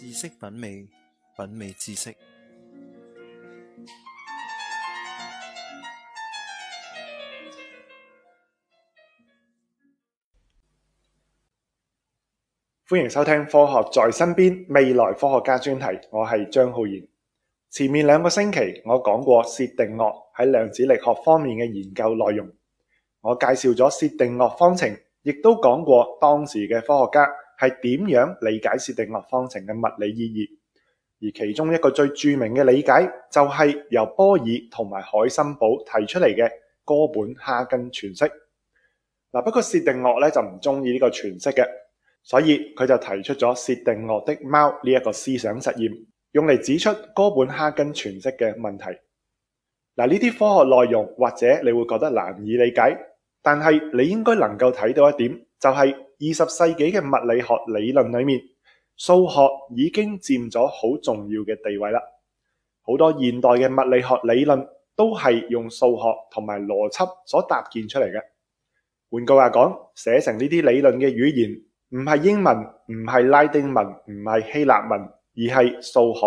知識品味，品味知識。歡迎收聽《科學在身邊：未來科學家》專題，我係張浩然。前面兩個星期我講過薛定諤喺量子力學方面嘅研究內容，我介紹咗薛定諤方程，亦都講過當時嘅科學家。係點樣理解薛定諤方程嘅物理意義？而其中一個最著名嘅理解就係由波爾同埋海森堡提出嚟嘅哥本哈根詮釋。嗱，不過薛定諤咧就唔中意呢個詮釋嘅，所以佢就提出咗薛定諤的貓呢一個思想實驗，用嚟指出哥本哈根詮釋嘅問題。嗱，呢啲科學內容或者你會覺得難以理解，但係你應該能夠睇到一點。就係二十世紀嘅物理學理論裏面，數學已經佔咗好重要嘅地位啦。好多現代嘅物理學理論都係用數學同埋邏輯所搭建出嚟嘅。換句話講，寫成呢啲理論嘅語言，唔係英文，唔係拉丁文，唔係希臘文，而係數學。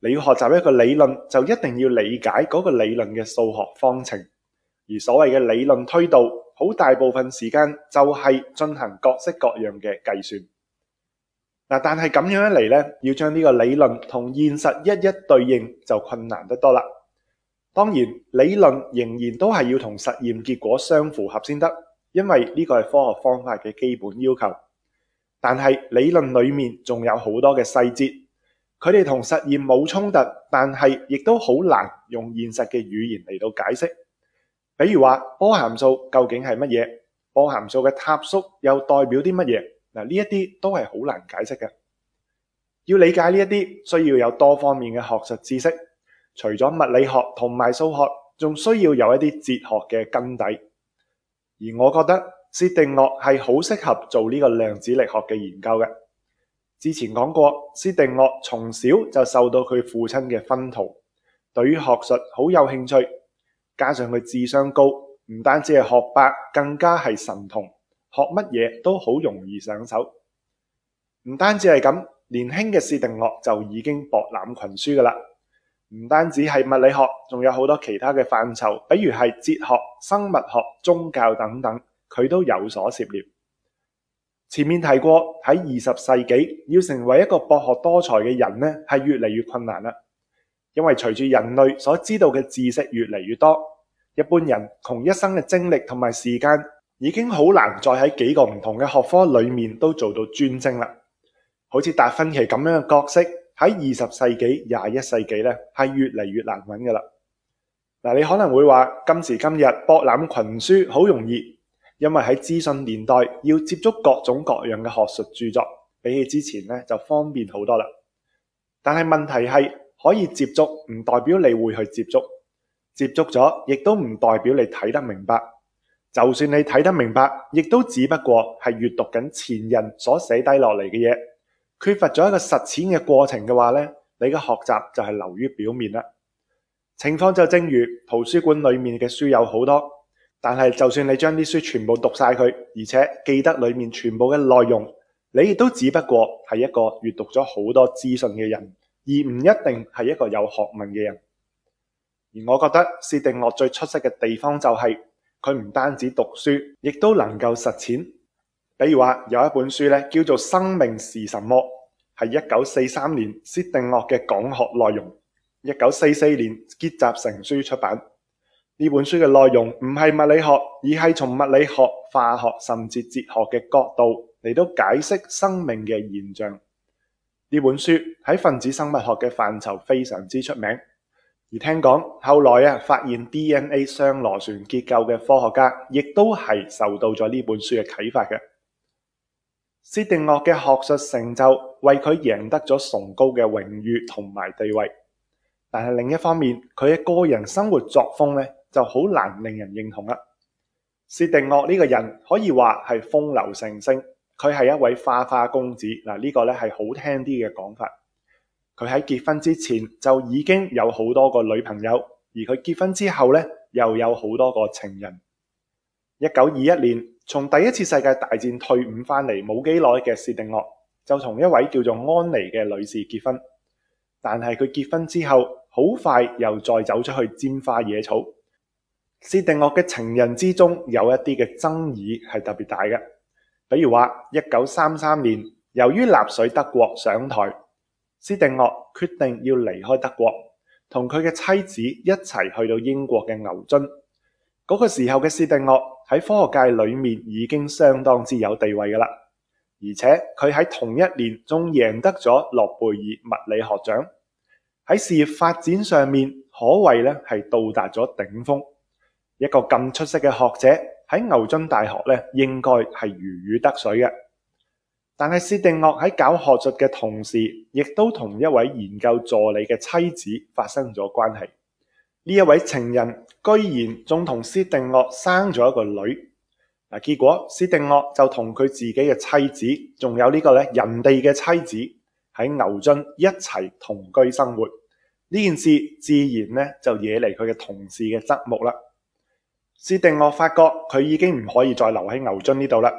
你要學習一個理論，就一定要理解嗰個理論嘅數學方程，而所謂嘅理論推導。好大部分時間就係進行各式各樣嘅計算，嗱，但係咁樣一嚟呢，要將呢個理論同現實一一對應就困難得多啦。當然，理論仍然都係要同實驗結果相符合先得，因為呢個係科學方法嘅基本要求。但係理論裏面仲有好多嘅細節，佢哋同實驗冇衝突，但係亦都好難用現實嘅語言嚟到解釋。比如話波函數究竟係乜嘢？波函數嘅塌縮又代表啲乜嘢？嗱呢一啲都係好難解釋嘅。要理解呢一啲，需要有多方面嘅學術知識，除咗物理學同埋數學，仲需要有一啲哲學嘅根底。而我覺得薛定諤係好適合做呢個量子力學嘅研究嘅。之前講過，薛定諤從小就受到佢父親嘅熏陶，對於學術好有興趣。加上佢智商高，唔單止係學霸，更加係神童，學乜嘢都好容易上手。唔單止係咁，年輕嘅薛定諤就已經博覽群書噶啦。唔單止係物理學，仲有好多其他嘅範疇，比如係哲學、生物學、宗教等等，佢都有所涉獵。前面提過喺二十世紀，要成為一個博學多才嘅人呢，係越嚟越困難啦，因為隨住人類所知道嘅知識越嚟越多。一般人窮一生嘅精力同埋時間，已經好難再喺幾個唔同嘅學科裏面都做到專精啦。好似達芬奇咁樣嘅角色，喺二十世紀、廿一世紀咧，係越嚟越難揾嘅啦。嗱，你可能會話今時今日博覽群書好容易，因為喺資訊年代要接觸各種各樣嘅學術著作，比起之前咧就方便好多啦。但係問題係可以接觸唔代表你會去接觸。接觸咗，亦都唔代表你睇得明白。就算你睇得明白，亦都只不過係閱讀緊前人所寫低落嚟嘅嘢，缺乏咗一個實踐嘅過程嘅話呢，你嘅學習就係流於表面啦。情況就正如圖書館裏面嘅書有好多，但係就算你將啲書全部讀晒佢，而且記得裏面全部嘅內容，你亦都只不過係一個閱讀咗好多資訊嘅人，而唔一定係一個有學問嘅人。而我覺得薛定諤最出色嘅地方就係佢唔單止讀書，亦都能夠實踐。比如話有一本書咧，叫做《生命是什麼》，係一九四三年薛定諤嘅講學內容，一九四四年結集成書出版。呢本書嘅內容唔係物理學，而係從物理學、化學甚至哲學嘅角度嚟到解釋生命嘅現象。呢本書喺分子生物學嘅範疇非常之出名。而聽講，後來啊，發現 DNA 雙螺旋結構嘅科學家，亦都係受到咗呢本書嘅啟發嘅。薛定諤嘅學術成就，為佢贏得咗崇高嘅榮譽同埋地位。但係另一方面，佢嘅個人生活作風咧，就好難令人認同啦。薛定諤呢個人，可以話係風流成性，佢係一位花花公子嗱，呢、這個咧係好聽啲嘅講法。佢喺結婚之前就已經有好多個女朋友，而佢結婚之後咧又有好多個情人。一九二一年，從第一次世界大戰退伍翻嚟冇幾耐嘅薛定諤，就同一位叫做安妮嘅女士結婚，但係佢結婚之後好快又再走出去拈花惹草。薛定諤嘅情人之中有一啲嘅爭議係特別大嘅，比如話一九三三年，由於納粹德國上台。薛定諤決定要離開德國，同佢嘅妻子一齊去到英國嘅牛津。嗰、那個時候嘅薛定諤喺科學界裏面已經相當之有地位噶啦，而且佢喺同一年仲贏得咗諾貝爾物理學獎，喺事業發展上面可謂咧係到達咗頂峰。一個咁出色嘅學者喺牛津大學咧，應該係如魚得水嘅。但係薛定諤喺搞學術嘅同時，亦都同一位研究助理嘅妻子發生咗關係。呢一位情人居然仲同薛定諤生咗一個女。結果薛定諤就同佢自己嘅妻子，仲有呢個咧人哋嘅妻子喺牛津一齊同居生活。呢件事自然咧就惹嚟佢嘅同事嘅側目啦。薛定諤發覺佢已經唔可以再留喺牛津呢度啦。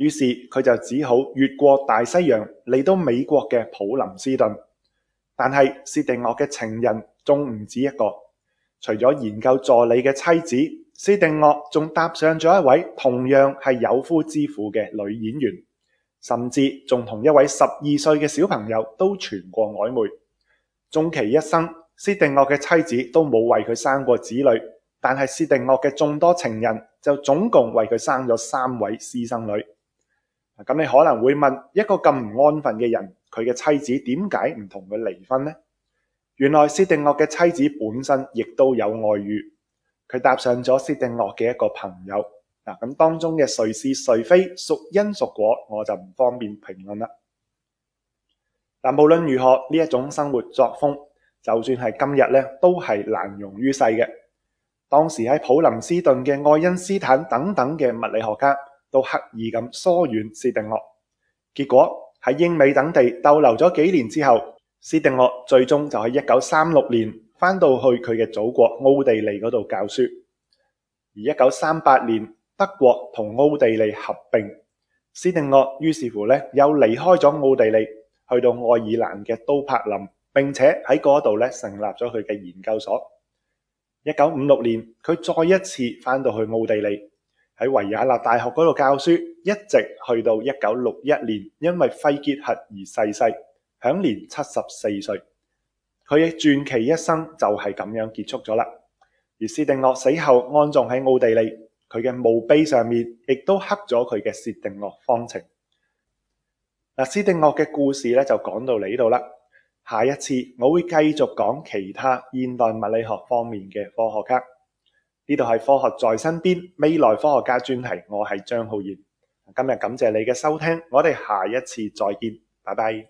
於是佢就只好越過大西洋嚟到美國嘅普林斯頓。但係薛定諤嘅情人仲唔止一個，除咗研究助理嘅妻子，薛定諤仲搭上咗一位同樣係有夫之婦嘅女演員，甚至仲同一位十二歲嘅小朋友都傳過曖昧。終其一生，薛定諤嘅妻子都冇為佢生過子女，但係薛定諤嘅眾多情人就總共為佢生咗三位私生女。咁你可能會問一個咁唔安分嘅人，佢嘅妻子點解唔同佢離婚呢？原來薛定諤嘅妻子本身亦都有外遇，佢搭上咗薛定諤嘅一個朋友。嗱，咁當中嘅誰是誰非，孰因孰果，我就唔方便評論啦。但無論如何，呢一種生活作風，就算係今日呢，都係難容於世嘅。當時喺普林斯頓嘅愛因斯坦等等嘅物理學家，都刻意咁疏遠薛定諤，結果喺英美等地逗留咗幾年之後，薛定諤最終就喺一九三六年翻到去佢嘅祖國奧地利嗰度教書。而一九三八年，德國同奧地利合併，薛定諤於是乎咧又離開咗奧地利，去到愛爾蘭嘅都柏林，並且喺嗰度咧成立咗佢嘅研究所。一九五六年，佢再一次翻到去奧地利。喺維也納大學嗰度教書，一直去到一九六一年，因為肺結核而逝世,世，享年七十四歲。佢嘅傳奇一生就係咁樣結束咗啦。而薛定諤死後安葬喺奧地利，佢嘅墓碑上面亦都刻咗佢嘅薛定諤方程。嗱，薛定諤嘅故事咧就講到呢度啦。下一次我會繼續講其他現代物理學方面嘅科學家。呢度係科學在身邊未來科學家專題，我係張浩然。今日感謝你嘅收聽，我哋下一次再見，拜拜。